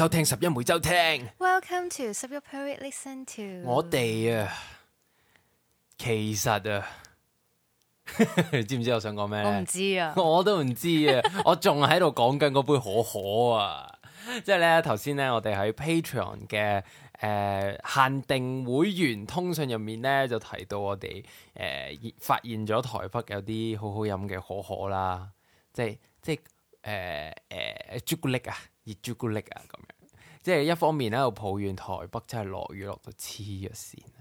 收聽十一每周聽。Welcome to 十一 period listen to。我哋啊，其實啊， 知唔知我想講咩咧？我唔知啊，我都唔知啊， 我仲喺度講緊杯可可啊，即係咧頭先咧，我哋喺 Patreon 嘅、誒、呃、限定會員通訊入面咧，就提到我哋誒、呃、發現咗台北有啲好好飲嘅可可啦，即係即係誒誒朱古力啊，熱朱古力啊咁。即係一方面喺度抱怨台北真係落雨落到黐咗線啊，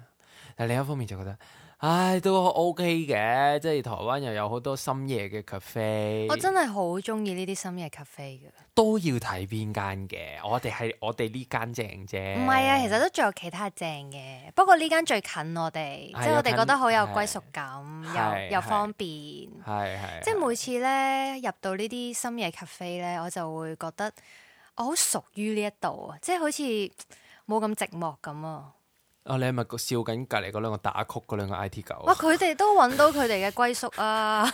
但另一方面就覺得，唉都 O K 嘅，即係台灣又有好多深夜嘅咖啡。我真係好中意呢啲深夜咖啡嘅。都要睇邊間嘅，我哋係我哋呢間正啫，唔係啊，其實都仲有其他正嘅，不過呢間最近我哋，是即係我哋覺得好有歸屬感，又又方便。係係，即係每次咧入到呢啲深夜咖啡咧，我就會覺得。我好屬於呢一度啊，即係好似冇咁寂寞咁啊！啊，你係咪笑緊隔籬嗰兩個打曲嗰兩個 IT 狗？哇、啊，佢哋都揾到佢哋嘅歸宿啊！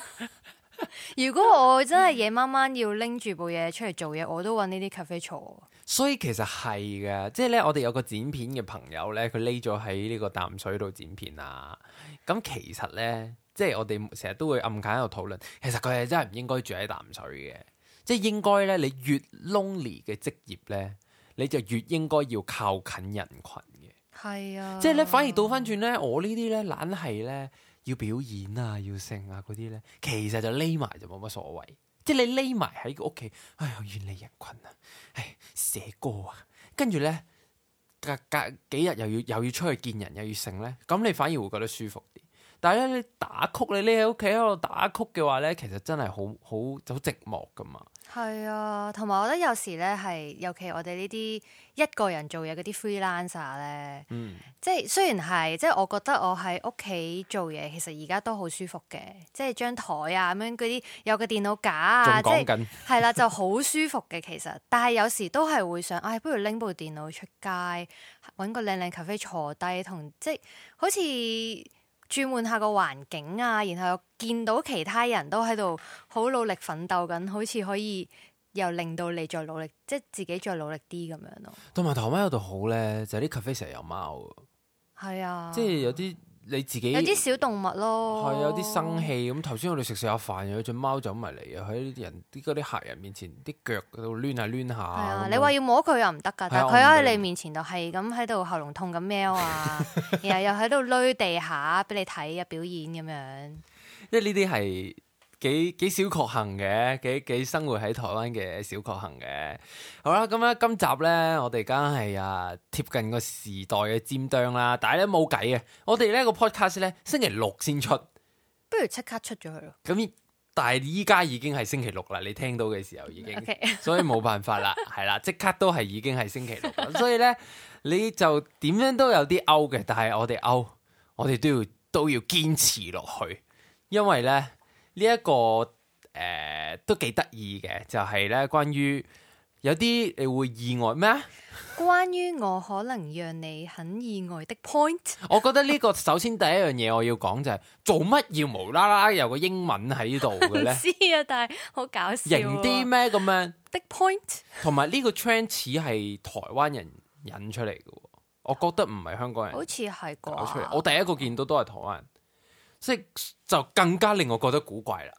如果我真係夜晚晚要拎住部嘢出嚟做嘢，我都揾呢啲咖啡坐。所以其實係嘅，即係咧，我哋有個剪片嘅朋友咧，佢匿咗喺呢個淡水度剪片啊！咁其實咧，即係我哋成日都會暗間喺度討論，其實佢哋真係唔應該住喺淡水嘅。即係應該咧，你越 lonely 嘅職業咧，你就越應該要靠近人群嘅。係啊，即係咧，反而倒翻轉咧，我呢啲咧懶係咧要表演啊，要剩啊嗰啲咧，其實就匿埋就冇乜所謂。即係你匿埋喺個屋企，哎呀遠離人群啊，唉寫歌啊，跟住咧隔隔幾日又要又要出去見人，又要剩咧，咁你反而會覺得舒服啲。但係咧，打曲你匿喺屋企喺度打曲嘅話咧，其實真係好好好寂寞㗎嘛～係啊，同埋我覺得有時咧，係尤其我哋呢啲一個人做嘢嗰啲 freelancer 咧、嗯，即係雖然係即係我覺得我喺屋企做嘢，其實而家都好舒服嘅，即係張台啊咁樣嗰啲有個電腦架啊，在即係係啦，就好舒服嘅其實。但係有時都係會想，唉、 哎，不如拎部電腦出街，揾個靚靚咖啡坐低，同即係好似。轉換下個環境啊，然後見到其他人都喺度好努力奮鬥緊，好似可以又令到你再努力，即係自己再努力啲咁樣咯。同埋台灣有度好咧，就係啲咖啡成日有貓。係啊，即係有啲。你自己有啲小動物咯，係有啲生氣。咁頭先我哋食食下飯，又有隻貓走埋嚟啊，喺啲人啲嗰啲客人面前，啲腳喺度攣下攣下。係啊，你話要摸佢又唔得㗎，但係佢喺你面前就係咁喺度喉嚨痛咁喵啊， 然後又喺度攣地下俾你睇啊表演咁樣。因為呢啲係。幾幾小確幸嘅，幾幾生活喺台灣嘅小確幸嘅。好啦，咁咧今集呢，我哋梗係啊貼近個時代嘅尖端啦。但係咧冇計啊，我哋呢個 podcast 呢，星期六先出，不如即刻出咗佢咯。咁但係依家已經係星期六啦，你聽到嘅時候已經，Okay. 所以冇辦法啦，係啦， 即刻都係已經係星期六，所以呢，你就點樣都有啲 out 嘅，但係我哋 out，我哋都要都要堅持落去，因為呢。呢一、這個誒、呃、都幾得意嘅，就係、是、咧關於有啲你會意外咩啊？關於我可能讓你很意外的 point，我覺得呢個首先第一樣嘢我要講就係、是、做乜要無啦啦有個英文喺度嘅咧？ 唔知啊，但係好搞笑，型啲咩咁樣的 point？同埋呢個 trend 似係台灣人引出嚟嘅，我覺得唔係香港人出，好似係啩？我第一個見到都係台灣人。即就更加令我覺得古怪啦！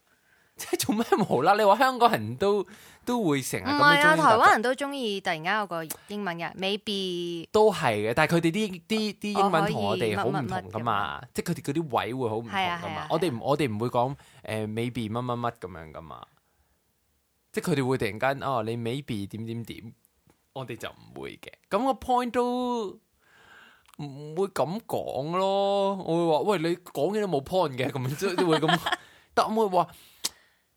即係做咩無啦？你話香港人都都會成日咁樣。唔係啊，台灣人都中意突然間有個英文嘅 maybe。都係嘅，但係佢哋啲啲啲英文我同我哋好唔同噶嘛，、啊啊啊呃、嘛，即係佢哋嗰啲位會好唔同噶嘛。我哋唔我哋唔會講誒 maybe 乜乜乜咁樣噶嘛。即係佢哋會突然間哦，你 maybe 點點點，我哋就唔會嘅。咁個 point 都。唔會咁講咯，我會話：喂，你講嘢都冇 point 嘅，咁即係會咁。但係我會話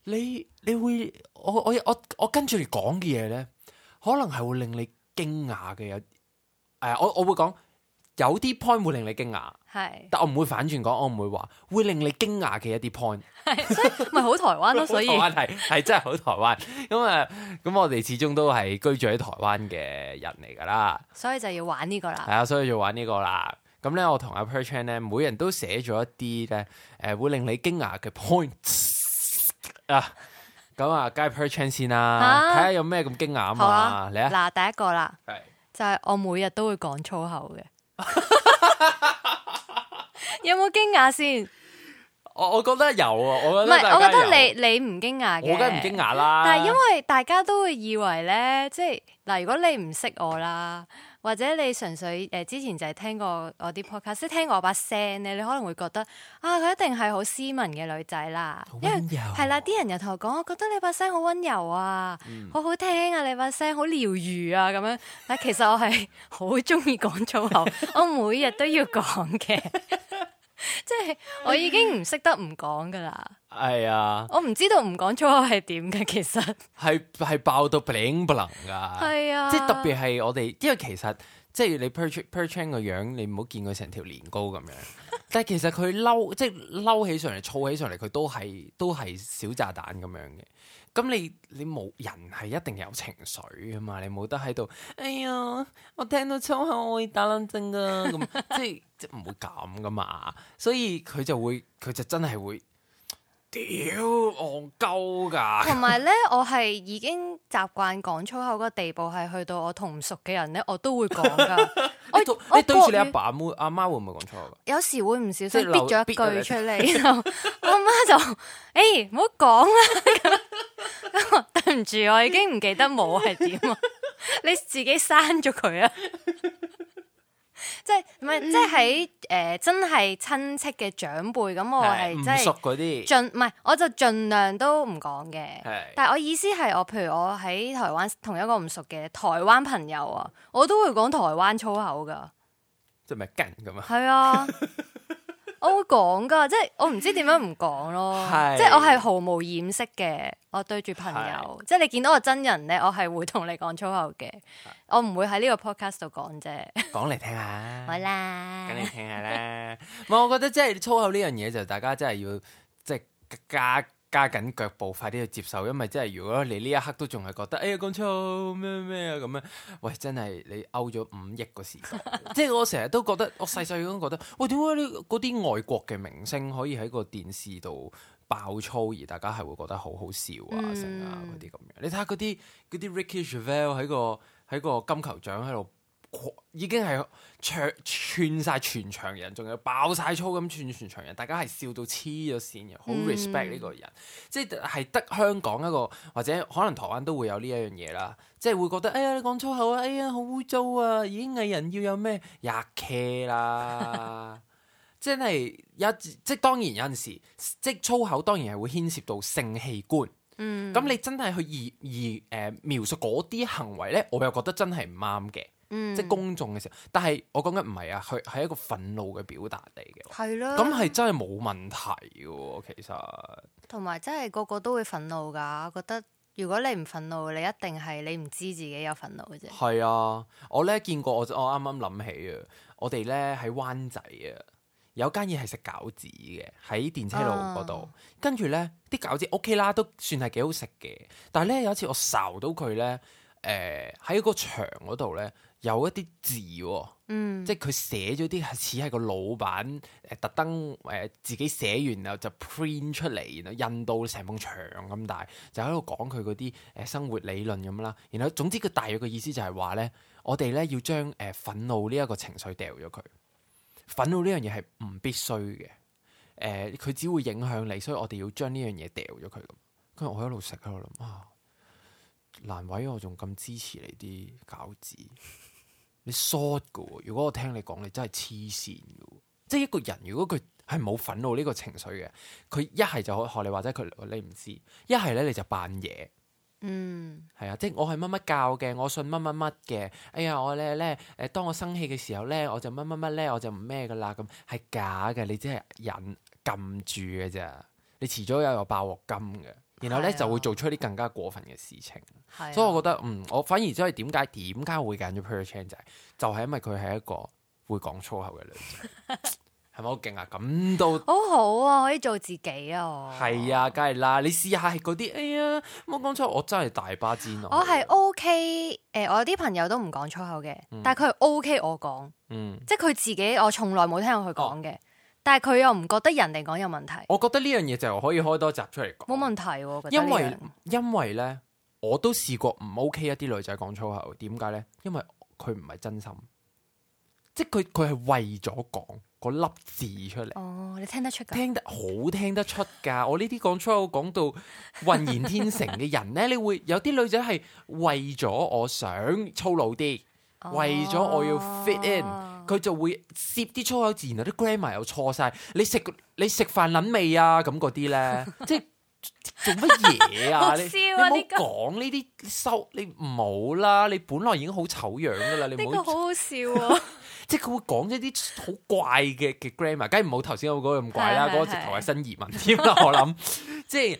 你，你會我我我我跟住你講嘅嘢咧，可能係會令你驚訝嘅。有，誒，我我會講。有啲 point 會令你驚訝，係是，但我唔會反轉講，我唔會話會令你驚訝嘅一啲 point，係，咪好台灣咯，所以台灣係係真係好台灣，咁啊，咁我哋始終都係居住喺台灣嘅人嚟噶啦，所以就要玩呢個啦，係啊，所以要玩呢個啦，咁咧我同阿 Perchian 咧，每人都寫咗一啲咧，誒會令你驚訝嘅 point 啊，咁啊，梗係 Perchian 先啦，睇下、啊、有咩咁驚訝啊嘛，你啊，嗱、啊、第一個啦，對就係我每日都會講粗口嘅。 有冇驚訝先？我我覺得有啊，我覺得，唔係，我覺得你你唔驚訝嘅，我梗唔驚訝啦。但係因為大家都會以為咧，即係嗱，如果你唔識我啦。或者你純粹誒之前就係聽過我啲 podcast，即係聽過我把聲咧，你可能會覺得啊，佢一定係好斯文嘅女仔啦，溫柔係啦，啲人又同我講，我覺得你把聲好溫柔啊，好、嗯、好聽啊，你把聲好療愈啊咁樣。但其實我係好中意講粗口， 我每日都要講嘅。 即係我已經唔識得唔講噶啦，係是啊，我唔知道唔講粗口係點噶，其實係係爆到唪唪能噶，係是啊，即係特別係我哋，因為其實即係你 perch perch 個樣，你唔好見佢成條年糕咁樣，但係其實佢嬲，即係嬲起上嚟，燥起上嚟，佢都係都係小炸彈咁樣嘅。咁你你冇人係一定有情緒噶嘛？你冇得喺度，哎呀！我聽到粗口，我會打冷震噶，咁 即係 即係唔會咁噶嘛。 所以佢就會，佢就真係會。.屌，戇鳩噶！同埋咧，我係已經習慣講粗口個地步，係去到我同唔熟嘅人咧，我都會講噶。我我 對住你阿爸，爸、阿媽 會唔會講粗口？ 有時會唔小心，逼咗一句出嚟，我阿我媽就：誒、欸，唔好講啦！ 對唔住，我已經唔記得冇係點啊！你自己刪咗佢啊！ 即係唔係，即係喺誒，真係親戚嘅長輩咁，我係即係唔熟嗰啲，盡唔係我就盡量都唔講嘅。是但係我意思係我，譬如我喺台灣同一個唔熟嘅台灣朋友啊，我都會講台灣粗口㗎，即係咪跟咁啊？係啊。我會講噶，即係我唔知點樣唔講咯，是即係我係毫無掩飾嘅，我對住朋友，是即係你見到我真人咧，我係會同你講粗口嘅，是我唔會喺呢個 podcast 度講啫。講嚟聽下，好啦，咁你聽下啦。唔係、 嗯，我覺得即係粗口呢樣嘢就大家真係要即係加。加緊腳步，快啲去接受，因為真係，如果你呢一刻都仲係覺得， 哎呀講粗咩咩啊咁樣，喂，真係你勾咗五億個時間， 即係我成日都覺得，我細細咁覺得，喂，點解呢嗰啲外國嘅明星可以喺個電視度爆粗，而大家係會覺得好好笑啊，成啊嗰啲咁樣？你睇下嗰啲嗰啲 Ricky Gervais 喺個喺個金球獎喺度。已經係串串晒全場人，仲要爆晒粗咁串全場人，大家係笑到黐咗線嘅，好 respect 呢個人，嗯、即係得香港一個或者可能台灣都會有呢一樣嘢啦，即係會覺得，哎呀你講粗口啊，哎呀好污糟啊，已經藝人要有咩日 care 啦，真係一即係當然有陣時，即粗口當然係會牽涉到性器官，嗯，咁你真係去而而誒描述嗰啲行為呢，我又覺得真係唔啱嘅。嗯、即係公眾嘅時候，但係我講緊唔係啊，佢係一個憤怒嘅表達嚟嘅，係咯，咁係真係冇問題嘅喎，其實。同埋真係個個都會憤怒㗎，我覺得如果你唔憤怒，你一定係你唔知自己有憤怒嘅啫。係啊，我咧見過我我啱啱諗起啊，我哋咧喺灣仔啊，有間嘢係食餃子嘅，喺電車路嗰度，啊、跟住咧啲餃子 OK 啦，都算係幾好食嘅，但係咧有一次我愁到佢咧，誒、呃、喺個牆嗰度咧。有一啲字，哦，嗯，即係佢寫咗啲似係個老闆誒、呃，特登誒、呃、自己寫完，然後寫完啦就 print 出嚟，然後印到成埲牆咁大，就喺度講佢嗰啲誒生活理論咁啦。然後，總之佢、這個、大約嘅意思就係話咧，我哋咧要將誒憤、呃、怒呢一個情緒掉咗佢，憤怒呢樣嘢係唔必須嘅，誒、呃、佢只會影響你，所以我哋要將呢樣嘢掉咗佢。咁，跟住我喺度食喺度諗啊，難為我仲咁支持你啲餃子。你 short 嘅，如果我聽你講，你真係黐線嘅。即係一個人，如果佢係冇憤怒呢個情緒嘅，佢一係就可學你話齋，佢你唔知；一係咧你就扮嘢。嗯，係啊。即係我係乜乜教嘅，我信乜乜乜嘅。哎呀，我咧咧，誒，當我生氣嘅時候咧，我就乜乜乜咧，我就唔咩噶啦。咁係假嘅，你只係忍撳住嘅啫。你遲早有個爆鑊金嘅，然後咧就會做出啲更加過分嘅事情。所以我覺得，嗯，我反而真係點解點解會揀咗 Princess 仔，就係因為佢係一個會講粗口嘅女仔，係咪好勁啊？咁都 好好啊，可以做自己啊！係 啊，梗係啦，你試下係嗰啲哎呀，我講粗口，我真係大巴尖，我係 O K 誒，我有啲朋友都唔講粗口嘅，但係佢 O K 我講， 嗯，即係佢自己，我從來冇聽佢講嘅，哦、但係佢又唔覺得人哋講有問題。嗯、我覺得呢樣嘢就係可以開多集出嚟講，冇問題。因為因為咧。我都試過唔 OK 一啲女仔講粗口，點解咧？因為佢唔係真心，即係佢佢係為咗講嗰粒字出嚟。哦，你聽得出噶？聽得好聽得出噶。我呢啲講粗口講到渾然天成嘅人咧， 你會有啲女仔係為咗我想粗魯啲，哦，為咗我要 fit in，佢就會攝啲粗口字，然後啲 grammar 又錯晒。你食你食飯捻未啊？咁嗰啲咧，即係。做乜嘢啊？ 笑啊你，你笑，你唔好講呢啲收你唔好啦！你本來已經好醜樣噶啦，你唔好好 好笑啊！ 即係佢會講一啲好怪嘅嘅 grammar，梗係唔好頭先我嗰個咁怪啦，嗰 個直頭係新移民添啦，我諗 即係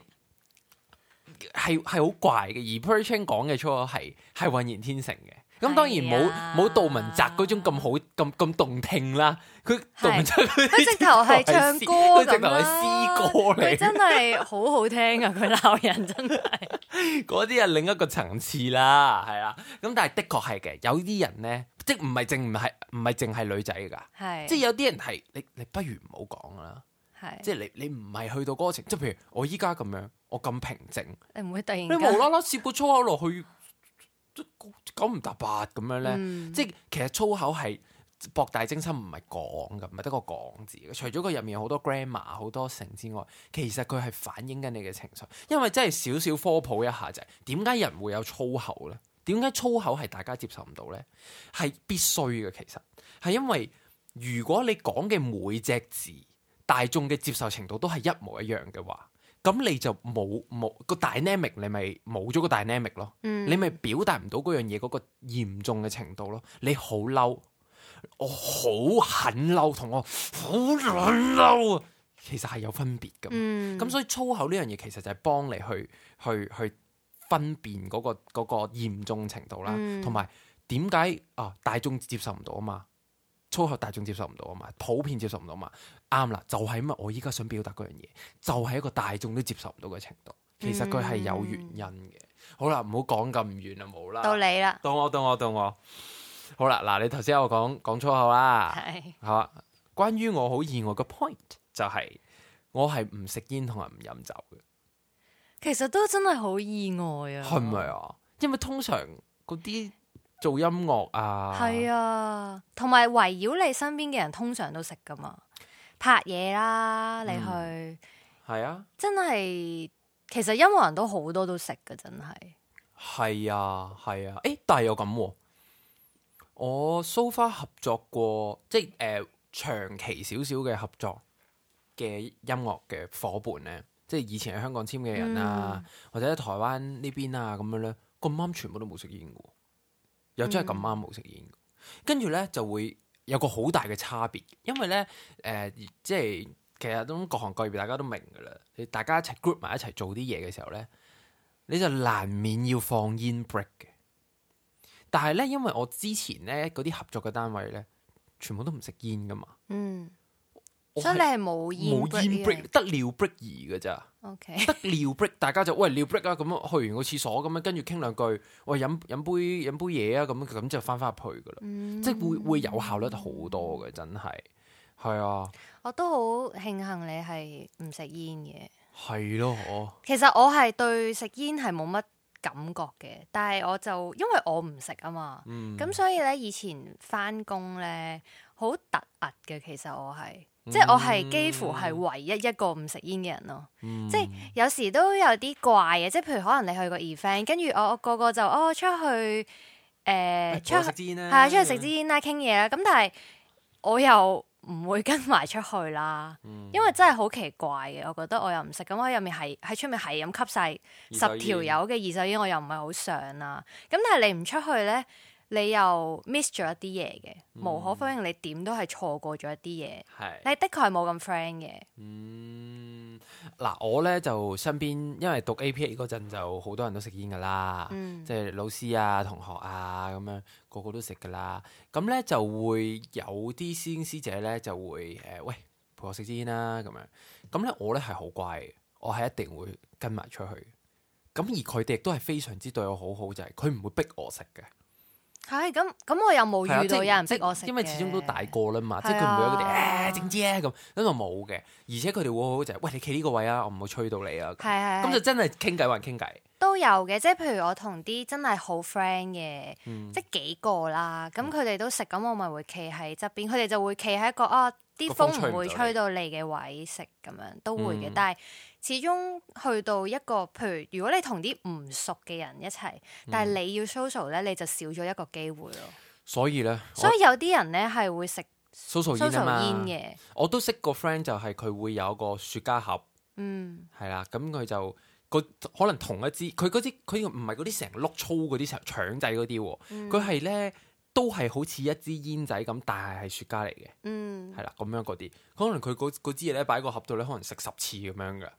係係好怪嘅，而 Perching 講嘅出咗係係渾然天成嘅。咁、嗯、當然冇冇杜文澤嗰種咁好咁咁動聽啦。佢杜文澤佢直頭係唱歌，佢直頭係詩歌。佢 真係好好聽啊！佢鬧 人真係嗰啲係另一個層次啦，係啦。咁但係的確係嘅，有啲人咧，即唔係淨唔係唔係淨係女仔㗎，係是即係有啲人係你你不如唔好講啦。係是即係你你唔係去到歌詞，即係譬如我依家咁樣，我咁平靜，你唔會突然你無啦啦接個粗口落去。九唔搭八咁樣呢？嗯、即係其實粗口係博大精深講，唔係講噶，唔係得個講字嘅。除咗佢入面好多 grammar 好多成之外，其實佢係反映緊你嘅情緒。因為真係少少科普一下就係、是，點解人會有粗口呢？點解粗口係大家接受唔到呢？係必須嘅，其實係因為如果你講嘅每隻字，大眾嘅接受程度都係一模一樣嘅話。咁你就冇冇、個 dynamic，你咪冇咗個 dynamic 咯。嗯、你咪表達唔到嗰樣嘢嗰個嚴重嘅程度咯。你好嬲，我好狠嬲，同我好卵嬲啊，其實係有分別噶。咁、嗯、所以粗口呢樣嘢其實就係幫你去去去分辨嗰、個嗰、個嚴重程度啦，同埋點解啊大眾接受唔到啊嘛？粗口大眾接受唔到啊嘛，普遍接受唔到啊嘛。啱啦，就係因為我依家想表達嗰樣嘢，就係一個大眾都接受唔到嘅程度。其實佢係有原因嘅。嗯、好啦，唔好講咁遠就啦，冇啦。到你啦，到我，到我，到我。好啦，嗱，你頭先我講講粗口啦，係，好啊。關於我好意外嘅 point 就係我係唔食煙同埋唔飲酒嘅。其實都真係好意外啊！係咪啊？因為通常嗰啲做音樂啊，係啊，同埋圍繞你身邊嘅人通常都食噶嘛。拍嘢啦，嗯、你去係啊，真係，其實音樂人都好多都食噶真係係啊，係啊，誒、欸，但係又咁，啊，我 so far 合作過，即係誒、呃、長期少少嘅合作嘅音樂嘅夥伴咧，即係以前喺香港簽嘅人啊，嗯、或者喺台灣呢邊啊咁樣咧，咁啱全部都冇食煙嘅，又真係咁啱冇食煙，跟住咧就會。有個好大嘅差別，因為咧，誒、呃，即係其實都各行各業，大家都明㗎啦。你大家一齊 group 埋一齊做啲嘢嘅時候咧，你就難免要放煙 break 嘅。但係咧，因為我之前咧嗰啲合作嘅單位咧，全部都唔食煙㗎嘛。嗯。真係冇煙，冇煙 So break，得尿煙 break 嘅啫。OK，得尿 break，大家就喂尿 break 啊，咁樣去完個廁所咁樣，跟住傾兩句，我飲飲杯飲杯嘢啊，咁咁就翻翻入去噶啦。嗯，即係會會有效率好多嘅，真係係啊！我都好慶幸你係唔食煙嘅。係咯，嗯，其實我係對食煙係冇乜感覺嘅，但係我就因為我唔食啊嘛，咁所以咧以前翻工咧好突兀嘅，其實我係。即係我係幾乎係唯一一個唔食煙嘅人咯。嗯，即係有時都有啲怪嘅，即係譬如可能你去個 event 跟住我我個個就哦，出去，誒、呃啊嗯、出去係啊，出去食支煙啦，傾嘢啦，咁、啊嗯、但係我又唔會跟埋出去啦，因為真係好奇怪嘅，我覺得我又唔食，咁我喺入面係喺出面係咁吸晒十條友嘅二手煙，手煙我又唔係好想啦，咁但係你唔出去咧。你又 miss 咗一啲嘢嘅，嗯、無可否認，你點都係錯過咗一啲嘢。係是，你的確係冇咁 friend 嘅。嗯，嗱，我咧就身邊，因為讀 APA 嗰陣就好多人都食煙噶啦，嗯、即係老師啊、同學啊咁樣，個個都食噶啦。咁咧就會有啲師兄姐咧就會誒、呃、喂陪我食支煙啦咁樣。咁咧我咧係好乖，我係一定會跟埋出去。咁而佢哋亦都係非常之對我好好，就係佢唔會逼我食嘅。係咁咁，我又冇遇到有人逼我食嘅，因為始終都大個啦嘛，的即係佢唔會有嗰啲誒靜止啊咁，咁就冇嘅。而且佢哋會好就係、是、餵你企呢個位啊，我唔會吹到你啊。係係，咁的就真係傾偈還傾偈都有嘅，即係譬如我同啲真係好 friend 嘅，嗯、即係幾個啦，咁佢哋都食，咁我咪會企喺側邊，佢哋、嗯、就會企喺一個啊啲風唔會吹到你嘅位食咁樣都會嘅，嗯、但係。始終去到一個，譬如如果你同啲唔熟嘅人一齊，嗯、但係你要 social 咧，你就少咗一個機會咯。所以咧，所以有啲人咧係我會食 social 煙嘅，我都識個 friend 就係佢會有個雪茄盒，嗯，係啦，咁佢就個可能同一支佢，嗰支佢唔係嗰啲成碌粗嗰啲腸仔嗰啲喎，佢係咧都係好似一支煙仔咁，但係係雪茄嚟嘅。嗯，係啦，咁樣嗰啲可能佢嗰支嘢咧擺喺個盒度咧，可能食十次咁樣噶。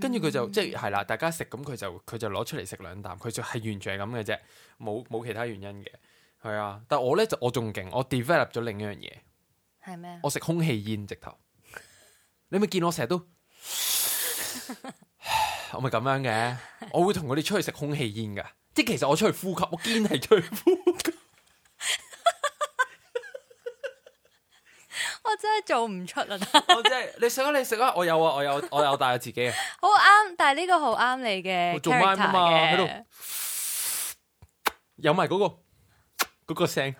跟住佢就、嗯、即係啦，大家食咁佢就佢就攞出嚟食兩啖，佢就係完全係咁嘅啫，冇冇其他原因嘅，係啊！但係我咧就我仲勁，我 develop 咗另一樣嘢，係咩嗎？我食空氣煙直頭，你咪見我成日都， 我咪咁樣嘅，我會同佢哋出去食空氣煙噶，即係其實我出去呼吸，我堅係出去呼吸。我真係做唔出啊！我真係你食啊，你食啊！我有啊，我有，我有帶我自己 我啊！好啱的，但係呢個好啱你嘅我做啱啊嘛？喺度有埋嗰個嗰個聲，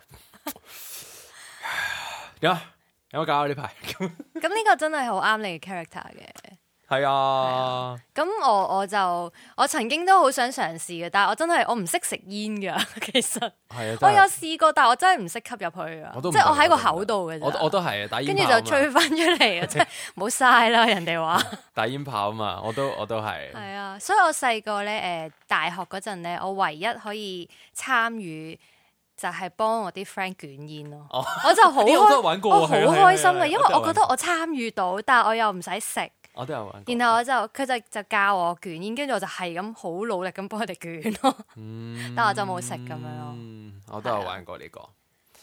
點啊？有冇搞啊？呢排咁？咁呢個真係好啱你嘅 character 嘅。係啊，咁我我就我曾經都好想嘗試嘅，但係我真係我唔識食煙噶，其實係啊，我有試過，但係我真係唔識吸入去啊，即係我喺個口度嘅啫，我我都係啊，跟住就吹翻出嚟啊，即係冇嘥啦，人哋話打煙炮啊嘛，我都我都係係啊，所以我細個咧誒，大學嗰陣咧，我唯一可以參與就係幫我啲 friend 捲煙咯，我就好開，我好開心啊，因為我覺得我參與到，但我又唔使食。我都有玩過然，然後我就佢就就教我捲煙，跟住我就係咁好努力咁幫佢哋捲咯。嗯、 但我就冇食咁樣咯。我都係玩過呢、這個、啊。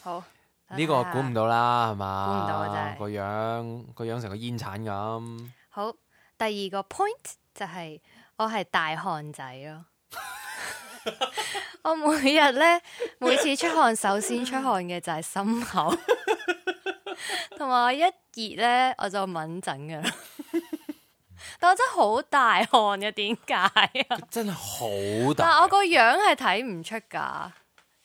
好，呢個估唔到啦，係嘛？估唔到真係、就是、個樣，個樣成個煙鏟咁。好，第二個 point 就係、是、我係大汗仔咯。 我每日咧，每次出汗首先出汗嘅就係心口，同 埋我一熱咧，我就敏感噶啦。但我真好大汗嘅，點解啊？真係好大！但我個樣係睇唔出噶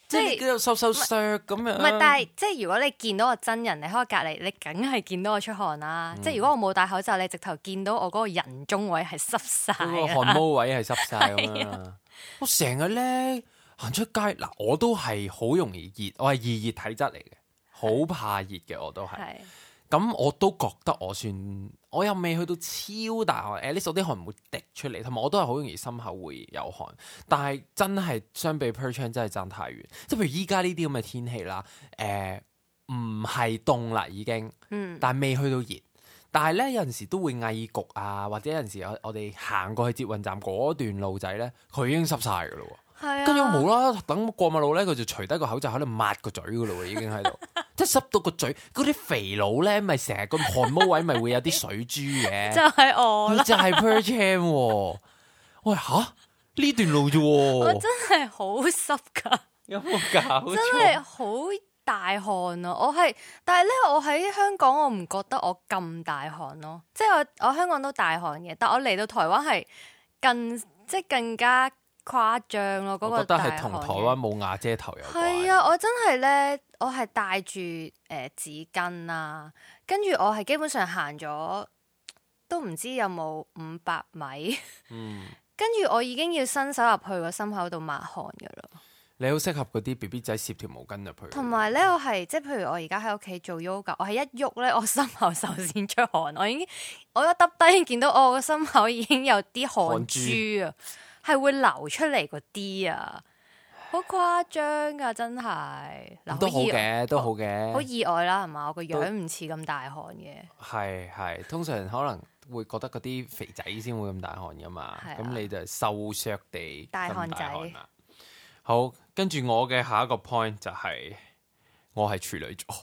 即係收收 Sir 咁樣。唔係，但係即係如果你見到個真人，你喺隔籬，你梗係見到我出汗啦。嗯、即係如果我冇戴口罩，你直頭見到我嗰個人中位係濕晒，嗯、個汗毛位係濕晒咁啊我！我成日咧行出街嗱，我都係好容易熱，我係熱熱體質嚟嘅，好怕熱嘅我都係。是的 咁我都覺得我算，我又未去到超大汗，誒呢手啲汗唔會滴出嚟，同埋我都係好容易心口會有汗，但係真係相比 perchung 真係爭太遠，即係譬如依家呢啲咁嘅天氣啦，誒唔係凍啦已經，嗯，但係未去到熱，但係咧有陣時都會翳焗啊，或者有陣時我我哋行過去捷運站嗰段路仔咧，佢已經濕晒噶啦喎。跟住冇啦，等過馬路咧，佢就除低個口罩喺度抹個嘴噶啦，已經喺度，即係濕到個嘴。嗰啲肥佬咧，咪成日個汗毛位咪會有啲水珠嘅。 就係我，就係 Percham。喂、哦、吓、哎、呢、啊、段路啫， 我真係好濕噶，有冇搞？真係好大汗啊！我係，但係咧，我喺香港，我唔覺得我咁大汗咯。即係我，我，我香港都大汗嘅，但我嚟到台灣係更，即係更加。誇張咯，嗰、那個大汗。我覺得係同台灣冇瓦遮頭有關。係啊，我真係咧，我係帶住誒紙巾啊，跟住我係基本上行咗都唔知有冇五百米。 嗯。跟住我已經要伸手入去個心口度抹汗噶啦。你好適合嗰啲 B B 仔攝條毛巾入去。同埋咧，我係即係，譬如我而家喺屋企做 yoga，我係一喐咧，我心口首先出汗，我已經我一耷低見到我個心口已經有啲汗珠啊。係會流出嚟嗰啲啊，好誇張噶，真係。唉唉都好嘅，都好嘅。好意外啦，係嘛？我個樣唔似咁大汗嘅。係係，通常可能會覺得嗰啲肥仔先會咁大汗噶嘛。咁、 啊、你就瘦削地大汗，大汗仔。好，跟住我嘅下一個 point 就係、是、我係處女座，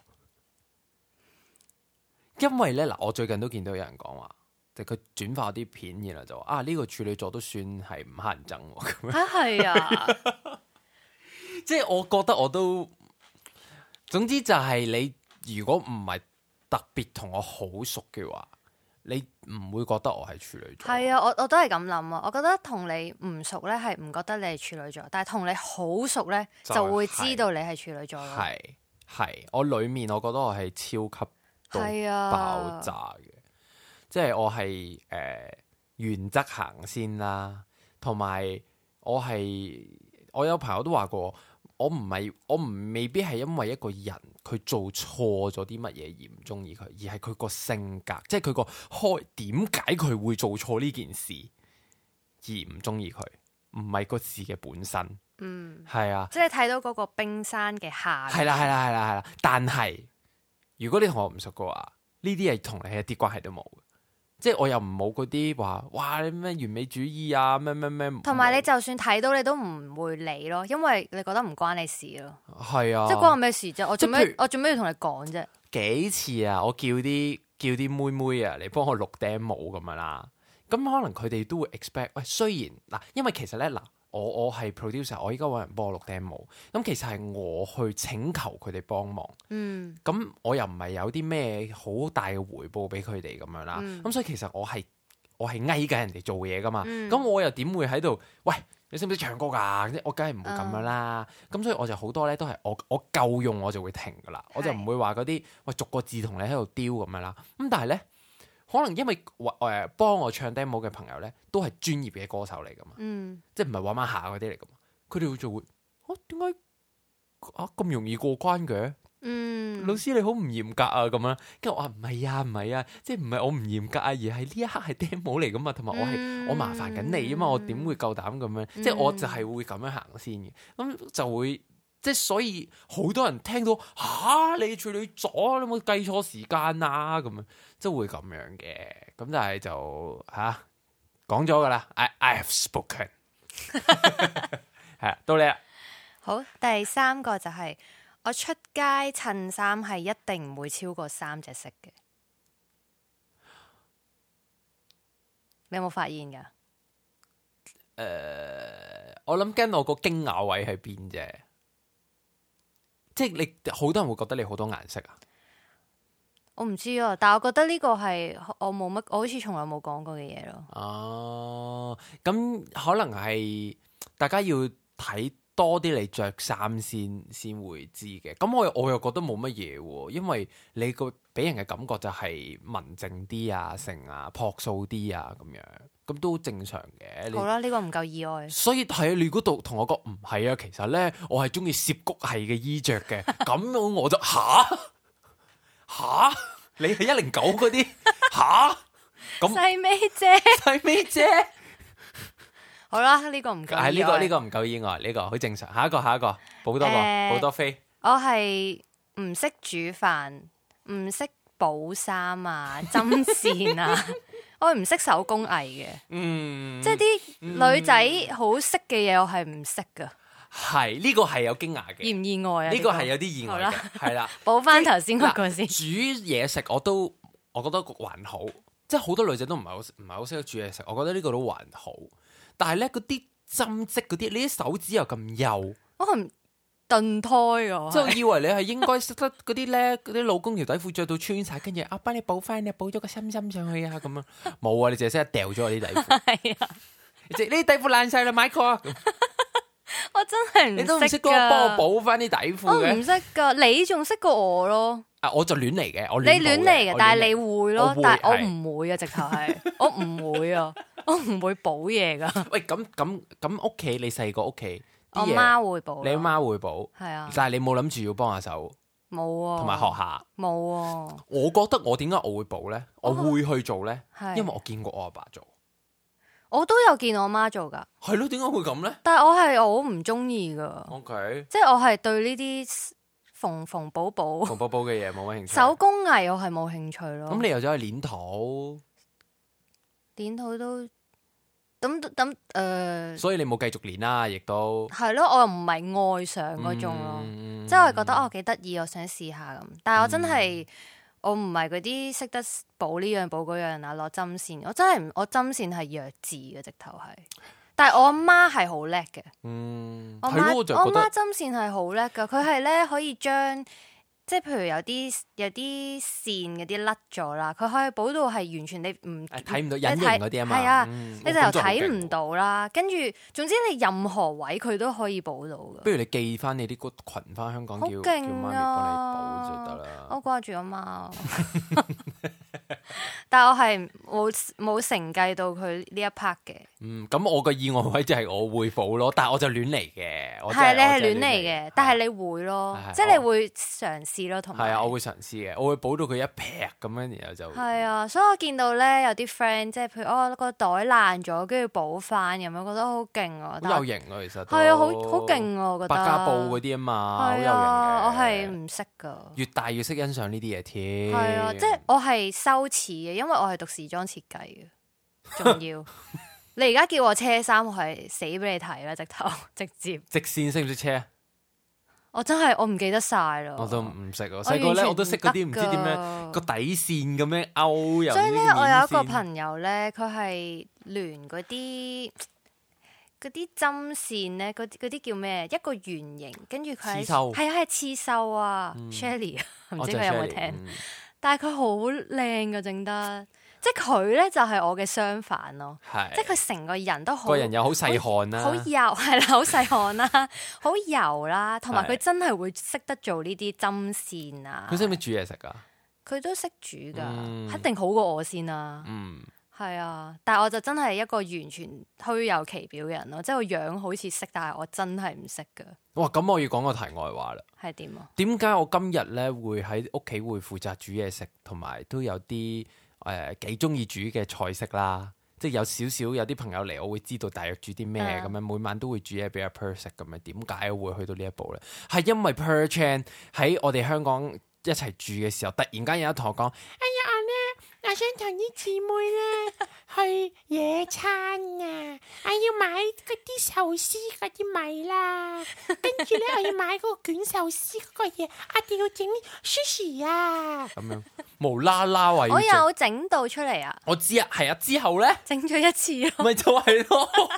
因為咧嗱，我最近都見到有人講話。即佢轉化啲片，然後就話：啊呢、呢個處女座都算係唔乞人憎喎咁樣。嚇係啊！啊 即係我覺得我都總之就係你，如果唔係特別同我好熟嘅話，你唔會覺得我係處女座。係啊，我我都係咁諗啊。我覺得同你唔熟呢，係唔覺得你係處女座，但係同你好熟呢，就係、就會知道你係處女座咯。係係，我裏面我覺得我係超級爆炸即係我係誒、呃、原則行先啦，同埋我係我有朋友都話過，我唔係我唔未必係因為一個人佢做錯咗啲乜嘢而唔中意佢，而係佢個性格，即係佢個開點解佢會做錯呢件事而，而唔中意佢，唔係個事嘅本身。嗯，係啊，即係睇到嗰個冰山嘅下。係啦，係啦，係啦，係啦，但係如果你同我唔熟嘅話，呢啲嘢同你一啲關係都冇。即係我又唔冇嗰啲話，哇！你咩完美主義啊，咩咩咩……同埋你就算睇到你都唔會理咯，因為你覺得唔關你事咯。係是啊，即係關我咩事啫？我做咩？如我做咩要同你講啫？幾次啊？我叫啲叫啲妹妹啊，嚟幫我錄 demo 咁樣啦。咁可能佢哋都會 expect、哎。喂，雖然嗱，因為其實咧嗱。我我係 producer，我依家揾人幫我錄 demo，咁其實係我去請求佢哋幫忙，咁、嗯、我又唔係有啲咩好大嘅回報俾佢哋咁樣啦，咁、嗯、所以其實我係我係求緊人哋做嘢噶嘛，咁、嗯、我又點會喺度，喂，你識唔識唱歌㗎？我梗係唔會咁樣啦，咁、嗯、所以我就好多呢都係我我夠用我就會停㗎啦，是我就唔會話嗰啲喂逐個字同你喺度丟咁樣啦，咁但係呢。可能因為誒、呃、幫我唱 demo 嘅朋友咧，都係專業嘅歌手嚟噶嘛，嗯、即係唔係玩玩下嗰啲嚟噶嘛？佢哋會做，哦點解我咁容易過關嘅？嗯、老師你好唔嚴格啊咁樣？跟住我話唔係啊唔係啊，即係唔係我唔嚴格啊而係呢一刻係 demo 嚟噶嘛，同埋我係、嗯、我麻煩緊你啊嘛，我點會夠膽咁樣？嗯、即係我就係會咁樣行先嘅，咁就會。即係所以，好多人聽到吓、啊、你處女座，你有冇計錯時間啊？咁樣即係會咁樣嘅，咁但係就吓講咗噶啦。I I have spoken，係 到你啦了。好，第三個就係、是、我出街襯衫係一定唔會超過三隻色嘅。你有冇發現噶？誒、呃，我諗緊我個驚訝位喺邊啫。即係你，好多人會覺得你好多顏色啊！我唔知啊，但係我覺得呢個係我冇乜，我好似從來冇講過嘅嘢咯。哦、啊，咁可能係大家要睇多啲你着衫先，先會知嘅。咁我我又覺得冇乜嘢，因為你個俾人嘅感覺就係文靜啲啊，成啊朴素啲啊咁樣。咁都正常嘅。好啦，呢個唔夠意外。所以係你嗰度同我講唔係啊，其實咧我係中意涉谷係嘅衣着嘅。咁樣我就吓吓你係一零九嗰啲吓咁細妹姐細妹姐。好啦，呢個唔係，呢個呢個唔夠意外，呢個好正常。下一個下一個，補多個補多飛。我係唔識煮飯，唔識補衫啊，針線啊。我唔識手工藝嘅，嗯、即係啲女仔好識嘅嘢，我係唔識噶。係、這、呢個係有驚訝嘅，意唔意外、啊？呢、這個係有啲意外嘅，係啦好吧。補翻頭先嗰個 先。 煮嘢食我都，我覺得還好，即係好多女仔都唔係好唔係好識得煮嘢食。我覺得呢個都還好，但係咧嗰啲針織嗰啲，你啲手指又咁幼。我唔。 襯胎啊！即係以為你係應該識得嗰啲咧，嗰啲老公條底褲着到穿晒，跟住啊，幫你補翻，你補咗個心心上去啊，咁樣冇啊！你淨係識得掉咗我啲底褲，係啊！即係呢啲底褲爛晒啦，Michael，我真係唔你都唔識幫我補翻啲底褲嘅，唔識噶，你仲識過我咯？啊，我就亂嚟嘅，我你亂嚟嘅，但係你會咯，但係我唔會啊！直頭係，我唔會啊，我唔會補嘢噶。喂，咁咁咁屋企，你細個屋企。阿媽會補，你阿媽會補，係啊，但係你冇諗住要幫下手，冇哦，同埋學校？冇哦。我覺得我點解我會補咧？我會去做咧，係因為我見過我阿爸做，我都有見我阿媽做噶，係咯？點解會咁咧？但係我係我唔中意噶，ok，即係我係對呢啲縫縫補補、縫補補嘅嘢冇乜興趣，手工藝我係冇興趣咯。咁你又走去捻土，捻土都。咁咁誒，嗯嗯、所以你冇繼續練啦、啊，亦都係咯，我又唔係愛上嗰種咯，嗯、即係覺得哦幾得意，我想試下咁。但係我真係、嗯、我唔係嗰啲識得補呢樣補嗰樣啊，攞、那個、針線，我真係我針線係弱智嘅直頭係。但係我阿媽係好叻嘅，嗯，我媽我媽針線係好叻噶，佢係咧可以將，即係譬如有啲有啲線嗰啲甩咗啦，佢可以補到係完全你唔睇唔到隱形嗰啲啊嘛，嗯、啊，嗯、你就又睇唔到啦。哦、跟住總之你任何位佢都可以補到嘅。不如你寄翻你啲骨群翻香港叫、啊、叫媽咪幫你補就得啦。我掛住啊～ 但係我係冇冇承繼到佢呢一 part 嘅。嗯，咁我嘅意外位就係我會補咯，但係我就亂嚟嘅。係，你係亂嚟嘅，但係你會咯，即係你會嘗試咯，同埋係啊，我會嘗試嘅，我會補到佢一劈咁樣，然後就係啊。所以我見到咧有啲 friend 即係譬如我個袋爛咗，跟住補翻咁樣，覺得好勁啊，好有型啊，其實係啊，好好勁啊，我覺得。百家布嗰啲啊嘛，好有型嘅。係啊，我係唔識噶，越大越識欣賞呢啲嘢，添。係啊，即係我係收。似嘅，因為我係讀時裝設計嘅，仲要。 你而家叫我車衫，我係死俾你睇啦，直頭直接。直線識唔識車？我真係我唔記得晒咯。我都唔識，我細個咧我都識啲唔知點樣個底線咁樣勾，所以咧。我有一個朋友咧，佢係連嗰啲嗰啲針線咧，嗰啲啲叫咩？一個圓形，跟住佢係係係刺繡啊、嗯、，Shelly，唔知佢有冇聽 Shelly,、嗯？但係佢好靚噶整得，即係佢咧就係、是、我嘅相反咯。係是，即係佢成個人都好個人又好細汗， 汗啦，好油係啦，好細汗啦，好油啦，同埋佢真係會識得做呢啲針線啊。佢識唔識煮嘢食噶？佢都識煮噶，嗯、一定好過我先啦、啊。嗯係啊，但係我就真係一個完全虛有其表嘅人咯，即係個樣好似識，但係我真係唔識噶。哇，咁我要講個題外話啦。係點啊？點解我今日咧會喺屋企會負責煮嘢食，同埋都有啲誒幾中意煮嘅菜式啦？即係有少少有啲朋友嚟，我會知道大約煮啲咩咁樣，嗯、每晚都會煮嘢俾阿 Per 食，咁樣。點解會去到呢一步咧？係因為 Per Chan 喺我哋香港一齊住嘅時候，突然間有同我講：哎呀！我想同啲姊妹咧去野餐啊！我要買嗰啲壽司嗰啲米啦，跟住咧我要買嗰個卷壽司嗰個嘢，我定要整 sushi 啊！咁樣無啦啦話，我有整到出嚟啊！我知啊，係啊，之後咧整咗一次啊，咪就係咯。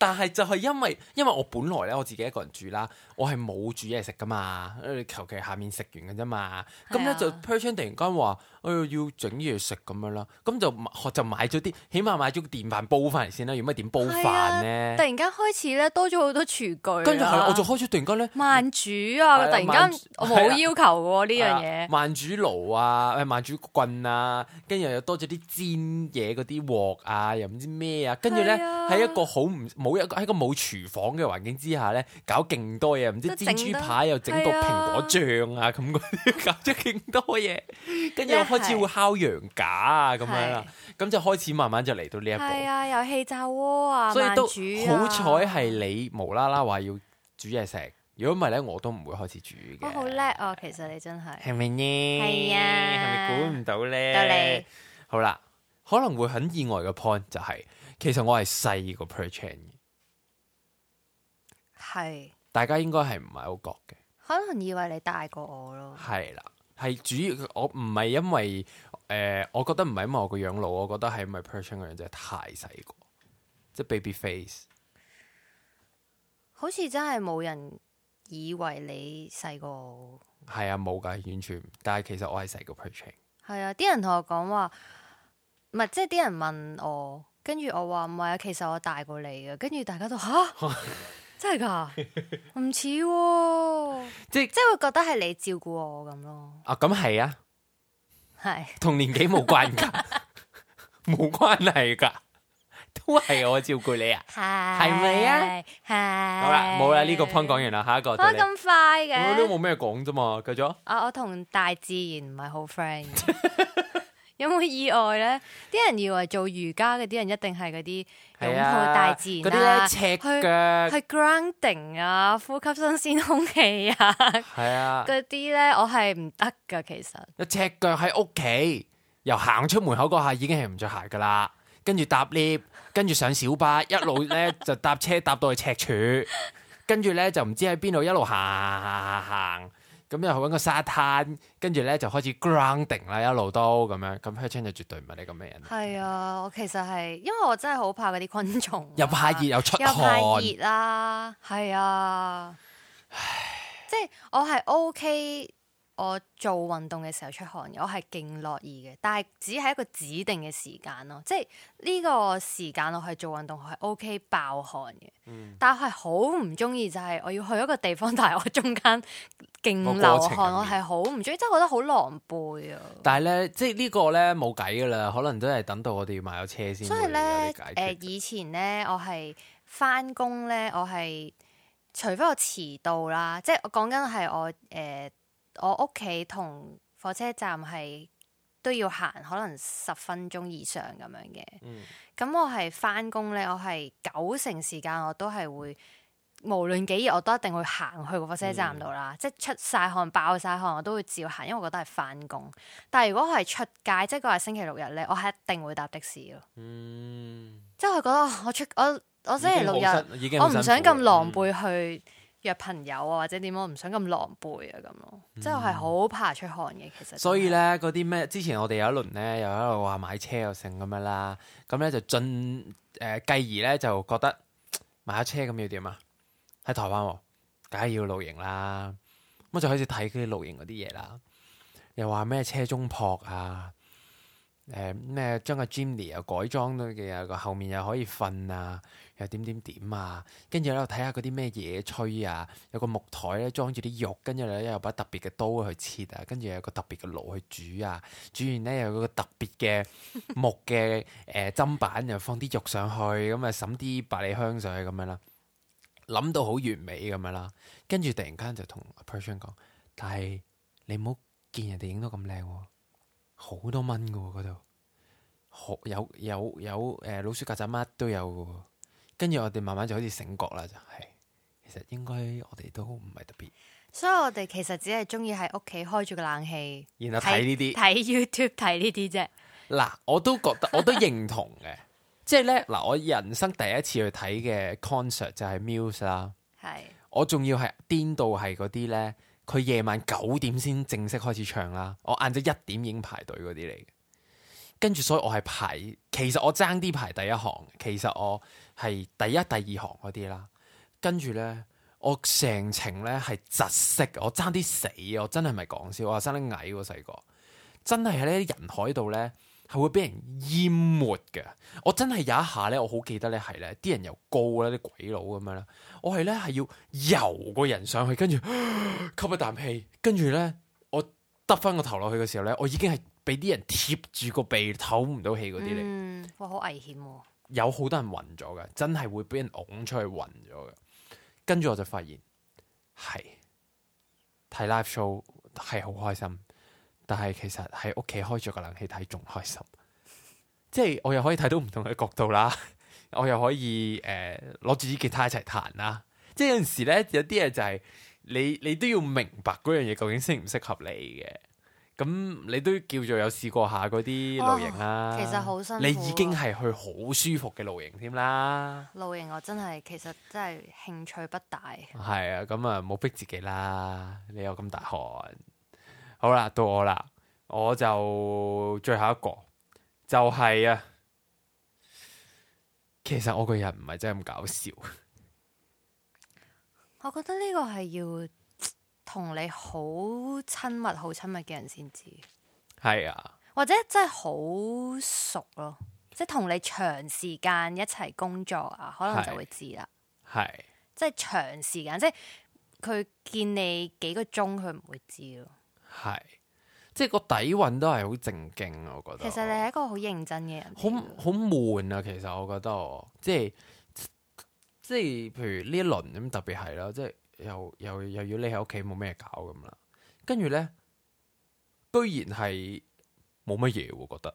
但係就係因為，因為我本來咧我自己一個人住啦。我係冇煮嘢食噶嘛，你求其下面食完嘅啫嘛，咁咧、啊、就突然間話我、哎、要整嘢食咁樣啦，咁就學就買咗啲，起碼買咗個電飯煲翻嚟先啦，要乜點煲飯咧、啊。突然間開始咧多咗好多廚具，跟住係，我就開始突然間咧慢煮啊，嗯、突然間好要求喎呢、啊、樣嘢、啊，慢煮爐啊，慢煮棍啊，跟住又多咗啲煎嘢嗰啲鑊啊，又唔知咩啊，跟住咧喺一個好唔冇一個喺個冇廚房嘅環境之下咧，搞勁多嘢。唔知煎豬扒又整個蘋果醬啊，咁嗰啲，搞咗勁多嘢，跟住我開始會烤羊架啊咁樣啦，咁就開始慢慢就嚟到呢一步。係啊，有氣炸鍋啊，慢煮啊，好彩係你無啦啦話要煮嘢食，如果唔係咧，我都唔會開始煮嘅。我好叻哦，其實你真係係咪呢？係啊，係咪估唔到咧？到你。好啦，可能會很意外嘅 point 就係，其實我係細個 percent 嘅係。大家應該係唔係好覺嘅？可能以為你大過我咯。係啦，係主要我唔係因為誒、呃，我覺得唔係因為我個樣老，我覺得係 Perching 個樣真係太細個，即係 baby face。好似真係冇人以為你細過我。係啊，冇㗎，完全。但係其實我係細過 Perching。係啊，啲人同我講話，唔係即係啲人問我，跟住我話唔係啊，其實我大過你嘅。跟住大家都嚇。啊 真係噶，唔似、喔、即即係會覺得係你照顧我咁咯、喔。啊，咁係啊，係同是年紀冇關噶，冇 關係噶，都係我照顧你啊，係係咪啊，係嗎是好啦，冇啦，呢、這個 point 講完啦，下一個翻咁快嘅、啊，我都冇咩講啫嘛，繼續啊，我同大自然唔係好 friend。 有冇意外咧？啲人以為做瑜伽嗰啲人一定係嗰啲擁抱大自然，嗰啲咧赤腳去，去 grounding 啊，呼吸新鮮空氣啊，係啊，嗰啲咧我係唔得噶，其實。一赤腳喺屋企，又行出門口嗰下已經係唔着鞋噶啦，跟住搭 lift，跟住上小巴，一路咧就搭車搭到去赤柱，跟住咧就唔知喺邊度一路行。行行咁又去揾個沙灘，跟住咧就開始 grounding 啦，一路都咁樣。咁 Hutching 就絕對唔係你咁嘅人。係啊，我其實係，因為我真係好怕嗰啲昆蟲啊。又怕熱又出汗。又怕熱啦，係啊。啊唉即係我係 OK。我做運動嘅時候出汗，我係勁樂意嘅。但係只係一個指定嘅時間咯，即係呢個時間我係做運動係 OK 爆汗嘅。嗯、但係我係好唔中意，就係、是、我要去一個地方，但係我中間勁流汗，我係好唔中意，即係我覺得好狼狽啊。但係咧，即係呢個咧冇計噶啦，可能都係等到我哋要買咗車先。所以咧，誒解決、呃、以前咧，我係翻工咧，我係除非我遲到啦，即係我講緊係我誒。呃我屋企同火車站係都要行，可能十分鐘以上咁樣嘅，嗯。咁我係翻工呢，我係九成時間我都係會，無論幾熱我都一定會行去個火車站度啦。嗯，即係出晒汗，爆晒汗，我都會照行，因為我覺得係翻工。但係如果我係出街，即係個係星期六日呢，我係一定會搭的士咯。嗯，即係我覺得我出我我星期六日，我唔想咁狼狽去，嗯。嗯約朋友啊，或者點我唔想咁狼狽啊，咁咯，嗯、即係係好怕出汗嘅，其實。所以咧，嗰啲咩之前我哋有一輪咧，又一路話買車又成咁樣啦，咁咧就進誒、呃，繼而咧就覺得買車咁要點啊？喺台灣，梗係要露營啦，咁就開始睇佢露營嗰啲嘢啦，又話咩車中泊啊，誒咩將個 Jimny 又改裝咗嘅啊，個後面又可以瞓啊。又點點點啊，跟住咧睇下嗰啲咩嘢炊啊，有個木枱咧裝住啲肉，跟住咧又有把特別嘅刀去切啊，跟住有個特別嘅爐去煮啊，煮完咧有個特別嘅木嘅誒、 呃、砧板，又放啲肉上去，咁啊滲啲百里香上去咁樣啦，諗到好完美咁樣，樣啦，跟住突然間就同 person 講：但係你唔好見人哋影到咁靚喎，好多蚊嘅喎嗰度，好有有有誒、呃、老鼠曱甴乜都有嘅喎。跟住我哋慢慢就好似醒覺啦，就係、是、其實應該我哋都唔係特別，所以我哋其實只係中意喺屋企開住個冷氣，然後睇呢啲睇 YouTube 睇呢啲啫。嗱，我都覺得我都認同嘅， 即係咧嗱，我人生第一次去睇嘅 concert 就係 Muse 啦，係是我仲要係癲到係嗰啲咧，佢夜晚九點先正式開始唱啦，我晏晝一點已經排隊嗰啲嚟，跟住所以我係排，其實我爭啲排第一行，其實我。係第一、第二行嗰啲啦，跟住咧，我成程咧係窒息，我爭啲死，我真係唔係講笑，我話生得矮個細個，真係喺咧人海度咧，係會俾人淹沒嘅。我真係有一下咧，我好記得咧係咧，啲人又高啦，啲鬼佬咁樣啦，我係咧係要游個人上去，跟住吸一啖氣，跟住咧我得翻個頭落去嘅時候咧，我已經係俾啲人貼住個鼻唞唔到氣嗰啲嚟。嗯，哇，好危險喎、哦！有好多人暈咗嘅，真係會俾人拱出去暈咗嘅。跟住我就發現，係睇 live show 係好開心，但係其實喺屋企開咗個冷氣睇仲開心，即係我又可以睇到唔同嘅角度啦，我又可以誒攞住啲吉他一齊彈啦。即係有陣時咧，有啲嘢就係、是、你你都要明白嗰樣嘢究竟適唔適合你嘅。咁你都叫做有試過下嗰啲露營啦，啊哦，其實好辛苦。你已經係去好舒服嘅露營添啦。露營我真係其實真係興趣不大。係啊、嗯，咁啊冇逼自己啦。你有咁大汗，好啦，到我啦，我就最後一個，就係、是、啊。其實我個人唔係真係咁搞笑。我覺得呢個係要。同你好親密、好親密嘅人先知，係啊，或者真係好熟咯，即係同你長時間一齊工作啊，可能就會知啦。係，即係長時間，即係佢見你幾個鐘，佢唔會知咯。係，即係個底蘊都係好正經，我覺得。其實你係一個好認真嘅人好，好好悶啊。其實我覺得，即係即係，譬如呢一輪咁，特別係咯，即係。又又又要匿喺屋企冇咩搞咁啦，跟住咧，居然係冇乜嘢喎。我覺得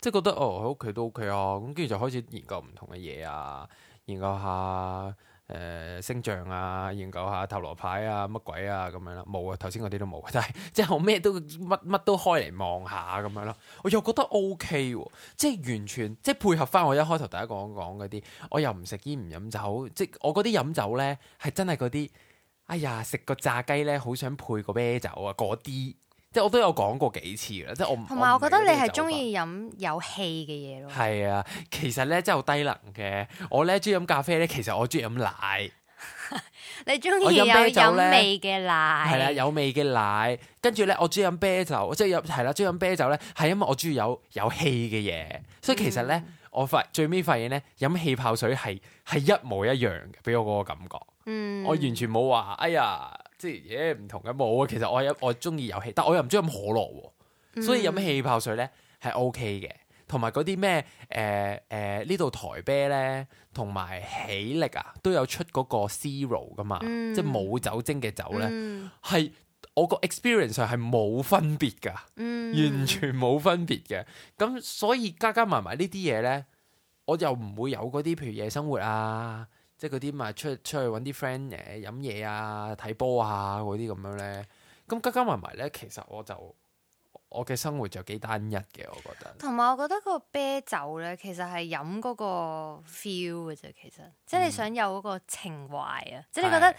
即係覺得哦喺屋企都 OK 啊，咁跟住就開始研究唔同嘅嘢啊，研究下。誒、呃、星象啊，研究下塔羅牌啊，乜鬼啊咁樣啦，冇啊頭先嗰啲都冇，啊。但係即係我咩都乜乜都開嚟望下咁樣咯，我又覺得 OK 喎，即係完全即係配合返我一開頭第一講講嗰啲，我又唔食煙唔飲酒，即係我嗰啲飲酒咧係真係嗰啲，哎呀食個炸雞咧好想配個啤酒啊嗰啲。即係我都有講過幾次啦，即係我。同埋有我，我覺得你係中意飲有氣嘅嘢咯。係啊，其實咧真係好低能嘅。我咧中意飲咖啡咧，其實我中意飲奶。 你中意歡有味嘅奶。係啦，有味嘅奶。跟住咧，我中意飲啤酒，即係係啦，中意飲啤酒咧，係因為我中意有有氣嘅嘢。所以其實咧，嗯、我發最尾發現咧，飲氣泡水係係一模一樣嘅，俾我嗰個感覺。嗯。我完全冇話，哎呀。即係，耶唔同嘅冇啊！其實我有我中意有氣，但我又唔中意飲可樂喎，所以飲氣泡水咧係 OK 嘅。同埋嗰啲咩誒誒呢度台啤咧，同埋喜力啊，都有出嗰個 Zero 噶嘛，嗯、即係冇酒精嘅酒咧，係、嗯、我個 experience 上係冇分別噶，嗯、完全冇分別嘅。咁所以加加埋埋呢啲嘢咧，我又唔會有嗰啲譬如夜生活啊。即係嗰啲咪出出去揾啲 friend 誒飲嘢啊、睇波啊嗰啲咁樣咧，咁加加埋埋咧，其實我就我嘅生活就幾單一嘅，我覺得。同埋我覺得個啤酒咧，其實係飲嗰個 feel 嘅啫，其實即係你想有嗰個情懷啊，嗯、即係你覺得。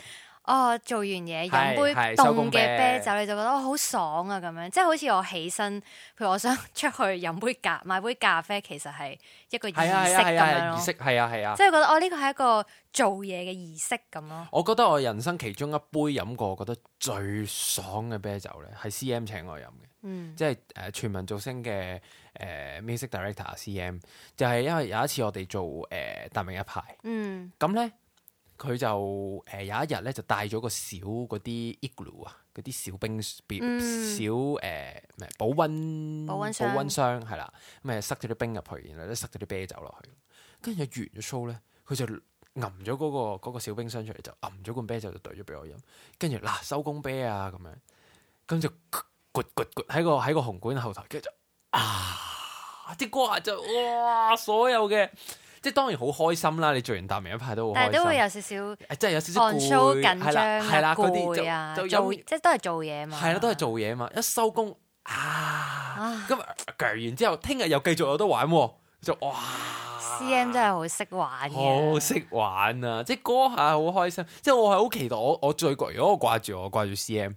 哦，做完嘢飲杯凍嘅啤，啤酒，你就覺得好爽啊！咁樣即係好似我起身，譬如我想出去飲杯咖買杯咖啡，其實係一個儀式咁樣咯。儀式係啊係啊，即係、啊啊啊啊啊、覺得哦呢個係一個做嘢嘅儀式咁咯。啊、我覺得我人生其中一杯飲過我覺得最爽嘅啤酒咧，係 CM 請我飲嘅，嗯，即係誒、呃、全民造星嘅誒、呃、music director CM，就係因為有一次我哋做誒達明一派，嗯，咁咧。佢就誒、呃、有一日咧，就帶咗個小嗰啲 igloo 啊，嗰啲小冰、嗯、小誒咩保溫保溫箱，係啦，咁誒塞咗啲冰入去，然後咧塞咗啲啤酒落去，跟住完咗 show 咧、嗰個，佢就揞咗嗰個小冰箱出嚟，就揞咗罐啤酒就對咗俾我飲，跟住嗱收工啤啊咁樣，咁就咕咕咕喺個喺個紅館後台。跟住就啊啲歌瓜就哇所有嘅。即係當然好開心啦！你做完達明一派都好，但係都會有少少，即係有少少緊張、攰啦啊！即係都係做嘢嘛。係啦，都係做嘢嘛。一收工啊，今日攰完之後，聽日又繼續有得玩、喔，就哇！C M 真係好識玩，好識玩啊！即係嗰下好開心，即係我係好期待我我最掛如果我掛住我掛住 C M，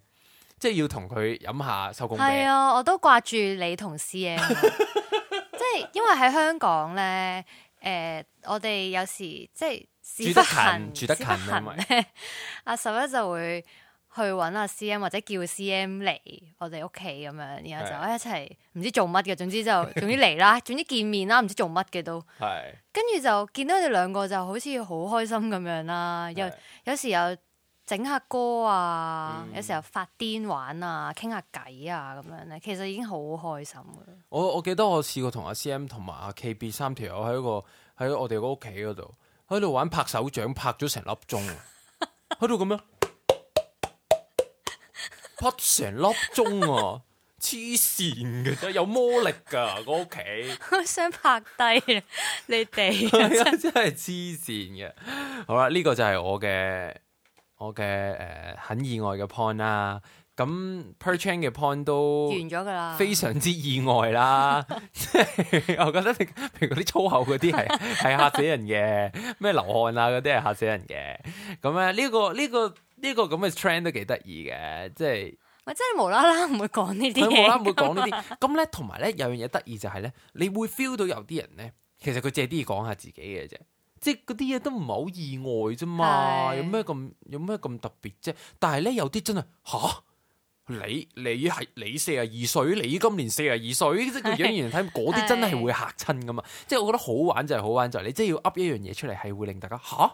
即係要同佢飲下收工。係啊，我都掛住你同 C M， 即係因為喺香港咧。誒、呃，我哋有時即係住得近，住得近阿十一就會去揾阿 CM 或者叫 CM 嚟我哋屋企咁樣，然後就一齊唔知做乜嘅，總之就總之嚟啦， 總之見面啦，唔知做乜嘅都。係。 跟住就見到你兩個就好似好開心咁樣啦。有 有時有。整下歌啊，嗯、有時候發癲玩啊，傾下偈啊，咁樣咧，其實已經好開心噶。我我記得我試過同阿 C M 同埋阿 K B 三條友喺一個喺我哋個屋企嗰度，喺度玩拍手掌，拍咗成粒鐘，喺度咁樣拍成粒鐘啊，黐線嘅有魔力噶、個屋企 。好想拍低你哋，真係黐線嘅。好啦，呢個就係我嘅。我嘅誒、呃、很意外嘅 point 啦，啊，咁 per trend 嘅 point 都完咗噶啦，非常之意外啦。即係 我覺得，譬如嗰啲粗口嗰啲係係嚇死人嘅，咩流汗啊嗰啲係嚇死人嘅。咁咧呢個呢、這個呢、這個咁嘅 trend 都幾得意嘅，即係我真係無啦啦唔會講 無無呢啲啦唔會講呢啲。咁咧同埋咧有樣嘢得意就係咧，你會 feel 到有啲人咧，其實佢借啲嘢講下自己嘅啫。即嗰啲嘢都唔係好意外啫嘛是，有咩咁有咩咁特別啫？但係咧有啲真係吓，你你係你四十二歲，你今年四十二歲，是即係佢演睇嗰啲真係會嚇親㗎嘛！是即係我覺得好玩就係好玩就係、是、你即係要噏一樣嘢出嚟係會令大家吓。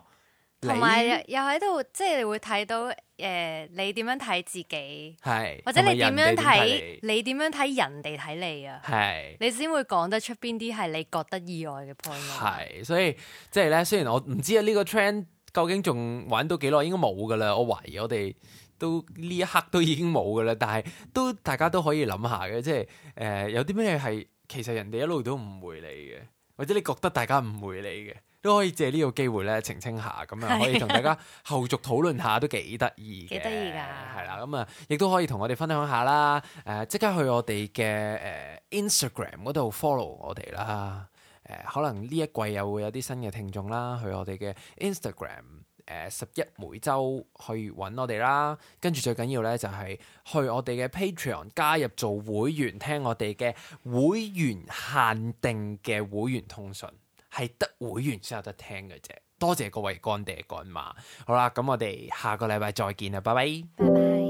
同埋你又喺度，即係你會睇到，誒、呃，你點樣睇自己？係是或者你點樣睇？樣你點樣睇人哋睇你啊？係是你先會講得出邊啲係你覺得意外嘅 point？係所以即係咧，雖然我唔知啊，呢個 trend 究竟仲玩到幾耐，應該冇㗎喇。我懷疑我哋都呢一刻都已經冇㗎喇，但係都大家都可以諗下嘅，即係誒、呃，有啲咩係其實人哋一路都誤會你嘅，或者你覺得大家誤會你嘅。都可以借呢個機會咧，澄清下，咁啊 可以同大家後續討論下，都幾得意幾得意嘅，係啦。咁啊，亦都可以同我哋分享下啦。誒、呃，即刻去我哋嘅誒 Instagram 嗰度 follow 我哋啦。誒、呃，可能呢一季又會有啲新嘅聽眾啦，去我哋嘅 Instagram 誒十一每週去揾我哋啦。跟住最緊要咧，就係去我哋嘅 Patreon 加入做會員，聽我哋嘅會員限定嘅會員通訊。係得會員先有得聽嘅啫，多謝各位乾爹乾媽，好啦，咁我哋下個禮拜再見啦，拜拜，拜拜。